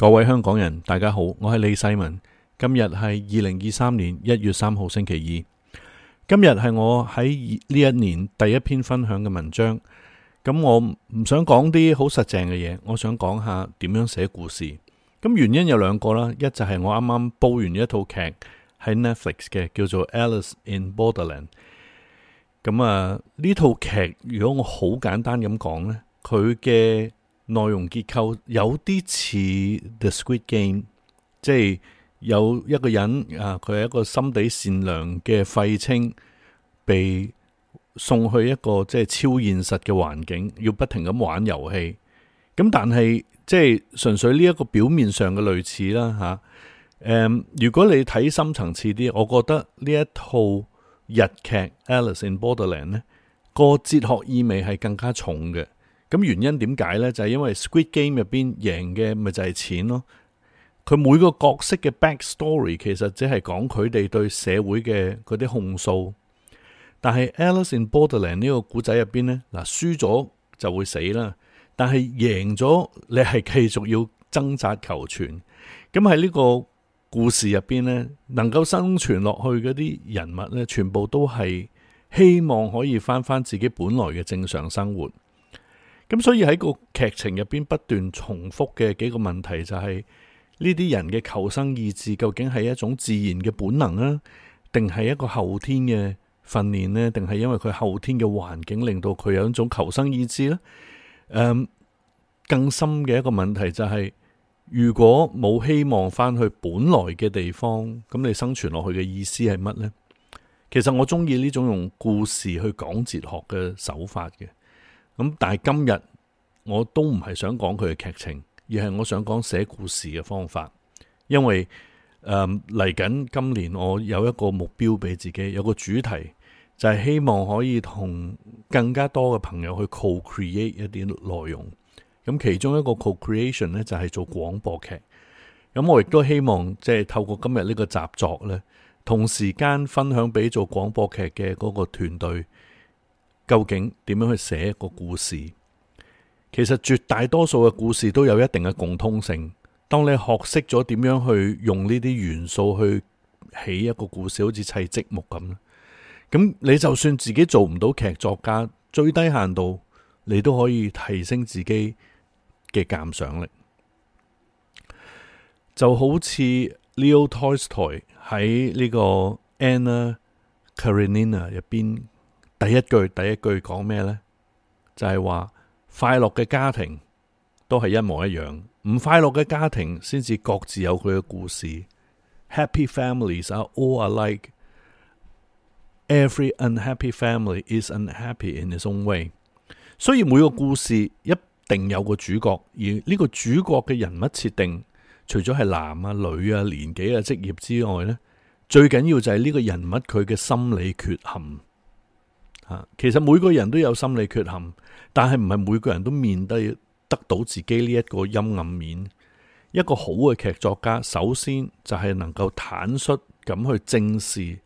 各位香港人，大家好，我係李世民。今日係二零二三年一月三號星期二。今日係我喺呢一年第一篇分享嘅文章。咁、嗯、我唔想講啲好實淨嘅嘢，我想講下點樣寫故事。咁、嗯、原因有兩個啦，一就係我啱啱煲完一套劇喺 Netflix 嘅，叫做《Alice in Borderland》嗯。咁啊，呢套劇如果我好簡單咁講呢，佢嘅。內容結構有啲似 The Squid Game，即係有一個人啊，佢係一個心地善良嘅廢青，被送去一個即係超現實嘅環境，要不停咁玩遊戲。咁但係即係純粹呢一個表面上嘅類似啦嚇。誒、啊，如果你睇深層次啲，我覺得呢一套日劇 Alice in Borderland 咧，個哲學意味係更加重嘅。咁原因點解呢？就係因為 Squid Game 入邊贏嘅咪就係錢咯。佢每個角色嘅 back story 其實只係講佢哋對社會嘅嗰啲控訴。但係 Alice in Borderland 呢個古仔入邊呢，嗱輸咗就會死啦。但係贏咗你係繼續要掙扎求存。咁喺呢個故事入邊呢，能夠生存落去嗰啲人物呢，全部都係希望可以翻翻自己本來嘅正常生活。咁所以喺個劇情入邊不斷重複嘅幾個問題就係呢啲人嘅求生意志究竟係一種自然嘅本能啦，定係一個後天嘅訓練咧？定係因為佢後天嘅環境令到佢有一種求生意志咧？更深嘅一個問題就係，如果冇希望翻去本來嘅地方，咁你生存落去嘅意思係乜呢？其實我中意呢種用故事去講哲學嘅手法嘅。咁但係今日我都唔係想講佢嘅劇情，而係我想講寫故事嘅方法。因為誒嚟緊今年我有一個目標俾自己，有個主題就係、是、希望可以同更加多嘅朋友去 co-create 一啲內容。咁、嗯、其中一個 co-creation 咧就係、是、做廣播劇。咁、嗯、我亦都希望即係透過今日呢個習作呢，同時間分享俾做廣播劇嘅嗰個團隊。究竟點樣去寫一個故事？其實絕大多數嘅故事都有一定嘅共通性。當你學識咗點樣去用呢啲元素去起一個故事，好似砌積木咁。咁你就算自己做唔到劇作家，最低限度你都可以提升自己嘅鑑賞力。就好似 Leo Tolstoy 喺呢個 Anna Karenina 入邊。第一句，第一句講咩呢？就係話快樂嘅家庭都係一模一樣，唔快樂嘅家庭先至各自有佢嘅故事。Happy families are all alike. Every unhappy family is unhappy in its own way. 所以每個故事一定有個主角，而呢個主角嘅人物設定，除咗係男啊、女啊、年紀啊、職業之外呢，最緊要就係呢個人物佢嘅心理缺陷。其實每個人都有心理缺陷，但係唔係每個人都面對得到自己呢一個陰暗面。一個好嘅劇作家，首先就係能夠坦率咁去正視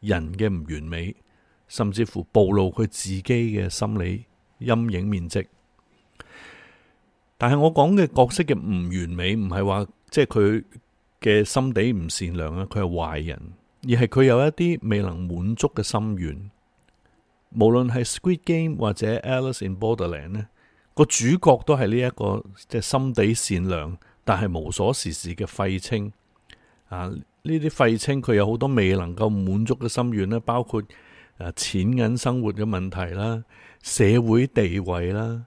人嘅唔完美，甚至乎暴露佢自己嘅心理陰影面積。但係我講嘅角色嘅唔完美，唔係話即係佢嘅心底唔善良啊，佢係壞人，而係佢有一啲未能滿足嘅心願。無論係《Squid Game》或者《Alice in Borderland》咧，個主角都係呢一個即係心地善良，但係無所事事嘅廢青。啊，呢啲廢青佢有好多未能夠滿足嘅心願咧，包括誒錢銀生活嘅問題啦、社會地位啦、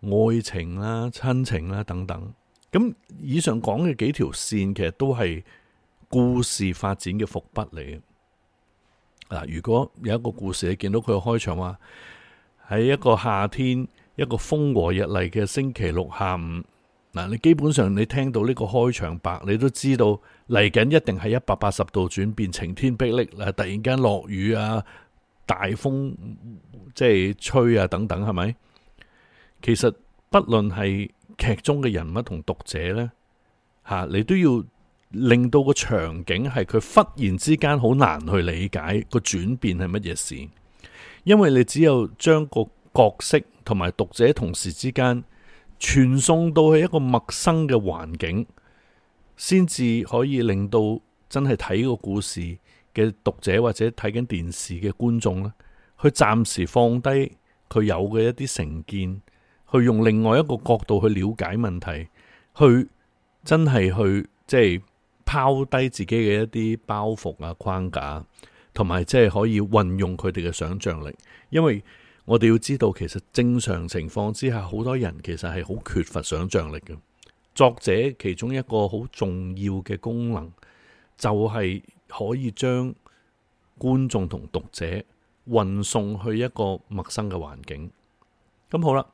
愛情啦、親情啦等等。咁以上講嘅幾條線，其實都係故事發展嘅伏筆嚟。嗱，如果有一個故事，你見到佢嘅開場話喺一個夏天，一個風和日麗嘅星期六下午，嗱，你基本上你聽到呢個開場白，你都知道嚟緊一定係一百八十度轉變，晴天霹靂啊，突然間落雨啊，大風即係吹啊，等等，係咪？其實不論係劇中嘅人物同讀者呢，吓你都要。令到個場景係佢忽然之間好難去理解個轉變係乜嘢事，因為你只有將個角色同埋讀者同時之間傳送到去一個陌生嘅環境，先至可以令到真係睇個故事嘅讀者或者睇緊電視嘅觀眾咧，去暫時放低佢有嘅一啲成見，去用另外一個角度去了解問題，去真係去即係。拋低自己嘅一啲包袱啊、框架，同埋即係可以運用佢哋嘅想象力。因為我哋要知道，其實正常情況之下，好多人其實係好缺乏想象力嘅。作者其中一個好重要嘅功能，就係可以將觀眾同讀者運送去一個陌生嘅環境。咁、嗯、好啦，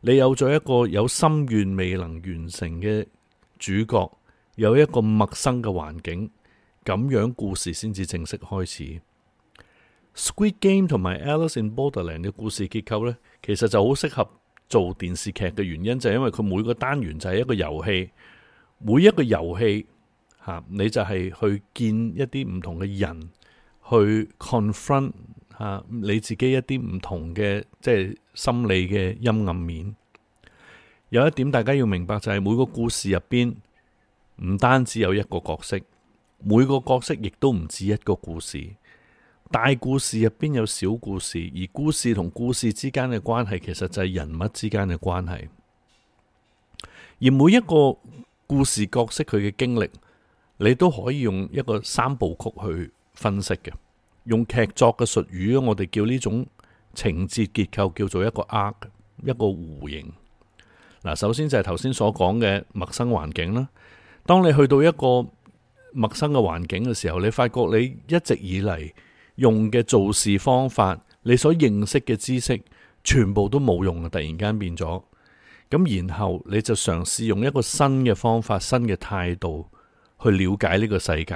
你有咗一個有心願未能完成嘅主角。有一個陌生嘅環境，咁樣故事先至正式開始。《Squid Game》同埋《Alice in Borderland》嘅故事結構呢，其實就好適合做電視劇嘅原因，就係因為佢每個單元就係一個遊戲，每一個遊戲吓，你就係去見一啲唔同嘅人，去 confront 吓你自己一啲唔同嘅即係心理嘅陰暗面。有一點大家要明白就係每個故事入邊。唔單止有一個角色，每個角色亦都唔止一個故事。大故事入邊有小故事，而故事同故事之間嘅關係，其實就係人物之間嘅關係。而每一個故事角色佢嘅經歷，你都可以用一個三部曲去分析嘅。用劇作嘅術語，我哋叫呢種情節結構叫做一個 Arc，一個弧形。嗱，首先就係頭先所講嘅陌生環境啦。當你去到一個陌生嘅環境嘅時候，你發覺你一直以嚟用嘅做事方法，你所認識嘅知識，全部都冇用啊！突然間變咗，咁然後你就嘗試用一個新嘅方法、新嘅態度去了解呢個世界。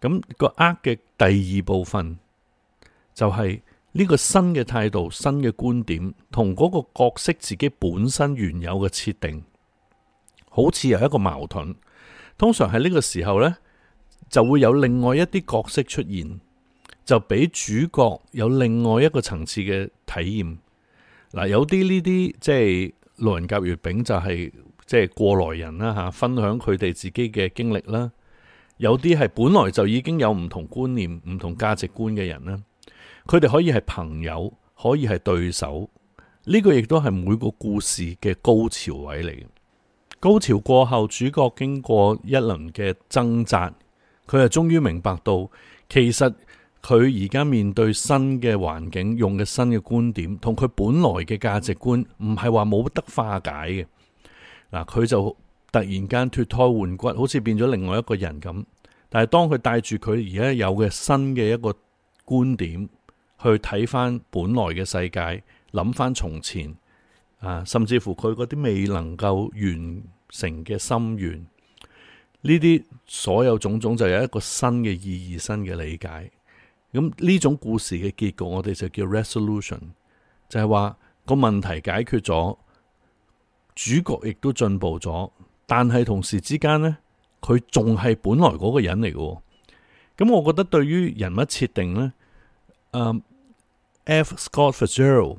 咁、這個呃嘅第二部分就係、是、呢個新嘅態度、新嘅觀點，同嗰個角色自己本身原有嘅設定。好似有一個矛盾，通常喺呢個時候呢，就會有另外一啲角色出現，就俾主角有另外一個層次嘅體驗。嗱、啊，有啲呢啲即係路人甲乙丙就係即係過來人啦，吓、啊、分享佢哋自己嘅經歷啦。有啲係本來就已經有唔同觀念、唔同價值觀嘅人啦，佢、啊、哋可以係朋友，可以係對手。呢、這個亦都係每個故事嘅高潮位嚟。高潮過後，主角經過一輪嘅掙扎，佢係終於明白到，其實佢而家面對新嘅環境，用嘅新嘅觀點，同佢本來嘅價值觀，唔係話冇得化解嘅。嗱，佢就突然間脱胎換骨，好似變咗另外一個人咁。但係當佢帶住佢而家有嘅新嘅一個觀點，去睇翻本來嘅世界，諗翻從前。啊，甚至乎佢嗰啲未能夠完成嘅心願，呢啲所有種種就有一個新嘅意義、新嘅理解。咁呢種故事嘅結局，我哋就叫 resolution，就係話個問題解決咗，主角亦都進步咗，但係同時之間呢，佢仲係本來嗰個人嚟嘅。咁我覺得對於人物設定呢，F. Scott Fitzgerald，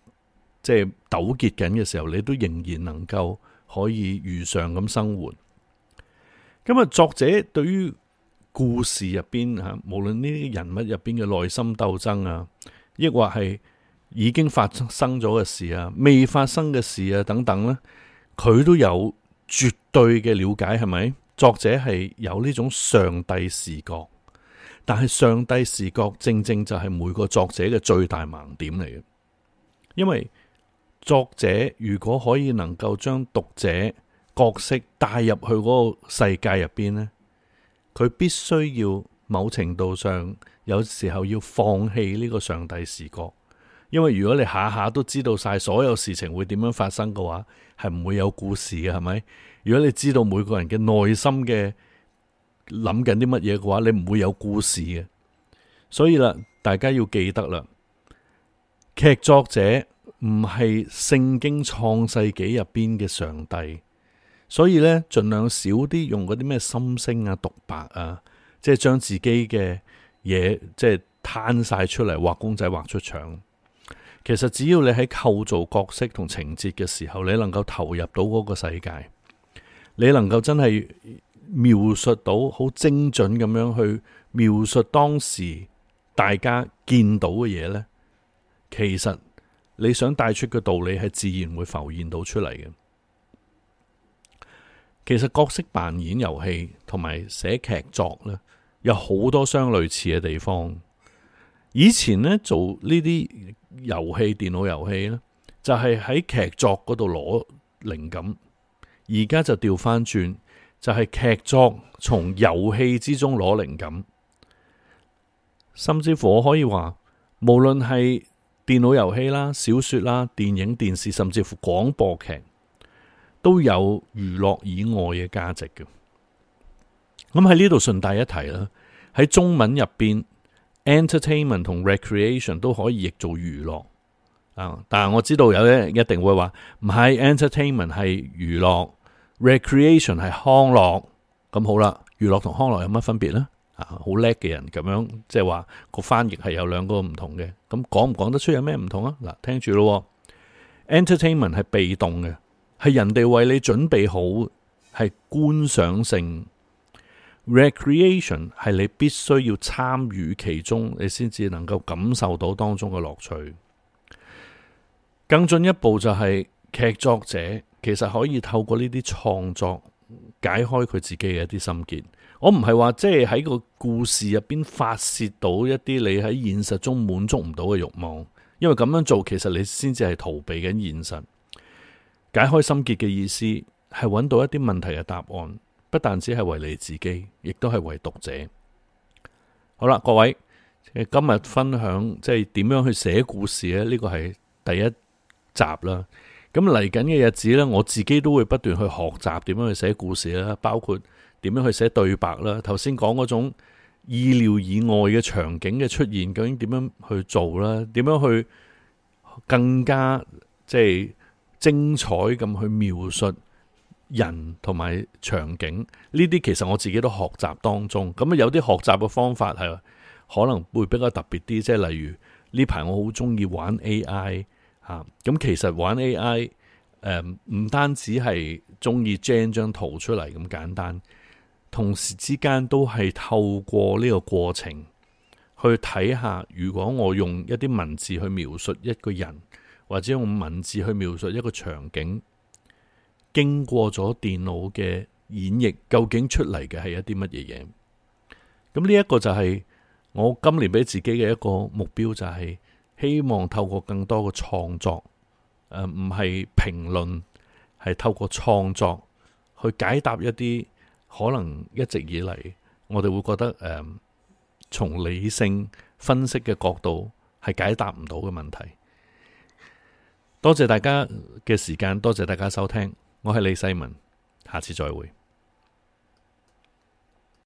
即係糾結緊嘅時候，你都仍然能夠可以如常咁生活。咁啊，作者對於故事入邊吓，無論呢啲人物入邊嘅內心鬥爭啊，亦或係已經發生咗嘅事啊、未發生嘅事啊等等咧，佢都有絕對嘅了解，係咪？作者係有呢種上帝視角，但係上帝視角正正就係每個作者嘅最大盲點嚟嘅，因為。作者如果可以能夠將讀者角色帶入去嗰個世界入邊呢，佢必須要某程度上，有時候要放棄呢個上帝視角，因為如果你下下都知道晒所有事情會點樣發生嘅話，係唔會有故事嘅，係咪？如果你知道每個人嘅內心嘅諗緊啲乜嘢嘅話，你唔會有故事嘅。所以啦，大家要記得啦，劇作者。唔係聖經創世紀入邊嘅上帝，所以呢，盡量少啲用嗰啲咩心聲啊、獨白啊，即係將自己嘅嘢即係攤晒出嚟，畫公仔畫出腸。其實只要你喺構造角色同情節嘅時候，你能夠投入到嗰個世界，你能夠真係描述到好精準咁樣去描述當時大家見到嘅嘢呢。其實。你想帶出嘅道理係自然會浮現到出嚟嘅。其實角色扮演遊戲同埋寫劇作呢，有好多相類似嘅地方。以前呢，做呢啲遊戲、電腦遊戲呢，就係喺劇作嗰度攞靈感。而家就調翻轉，就係劇作從遊戲之中攞靈感。甚至乎我可以話，無論係。電腦遊戲啦、小說啦、電影電視，甚至乎廣播劇，都有娛樂以外嘅價值嘅。咁喺呢度順帶一提啦，喺中文入邊，entertainment 同 recreation 都可以譯做娛樂。啊，但係我知道有啲人一定會話唔係，entertainment 係娛樂，recreation 係康樂。咁好啦，娛樂同康樂有乜分別呢？啊，好叻嘅人咁樣，即係話個翻譯係有兩個唔同嘅，咁講唔講得出有咩唔同啊？嗱，聽住咯，Entertainment 係 Entertainment 被動嘅，係人哋為你準備好，係觀賞性；Recreation 係 Recreation 你必須要參與其中，你先至能夠感受到當中嘅樂趣。更進一步就係、是、劇作者其實可以透過呢啲創作解開佢自己嘅一啲心結。我唔係話即係喺個故事入邊發洩到一啲你喺現實中滿足唔到嘅慾望，因為咁樣做其實你先至係逃避緊現實。解開心結嘅意思係揾到一啲問題嘅答案，不但只係為你自己，亦都係為讀者。好啦，各位，今日分享即係點樣去寫故事呢？呢、呢個係第一集啦。咁嚟緊嘅日子呢，我自己都會不斷去學習點樣去寫故事啦，包括點樣去寫對白啦。頭先講嗰種意料以外嘅場景嘅出現，究竟點樣去做啦？點樣去更加即係精彩咁去描述人同埋場景？呢啲其實我自己都學習當中。咁啊，有啲學習嘅方法係可能會比較特別啲，即係例如呢排我好中意玩 AI。吓咁，其實玩 AI 誒、呃、唔單止係中意 generate 張圖出嚟咁簡單，同時之間都係透過呢個過程去睇下，如果我用一啲文字去描述一個人，或者用文字去描述一個場景，經過咗電腦嘅演繹，究竟出嚟嘅係一啲乜嘢嘢？咁呢一個就係我今年俾自己嘅一個目標，就係、是。希望透過更多嘅創作，誒，唔係評論，係透過創作去解答一啲可能一直以嚟我哋會覺得誒，從、呃、理性分析嘅角度係解答唔到嘅問題。多謝大家嘅時間，多謝大家收聽，我係李世民，下次再會。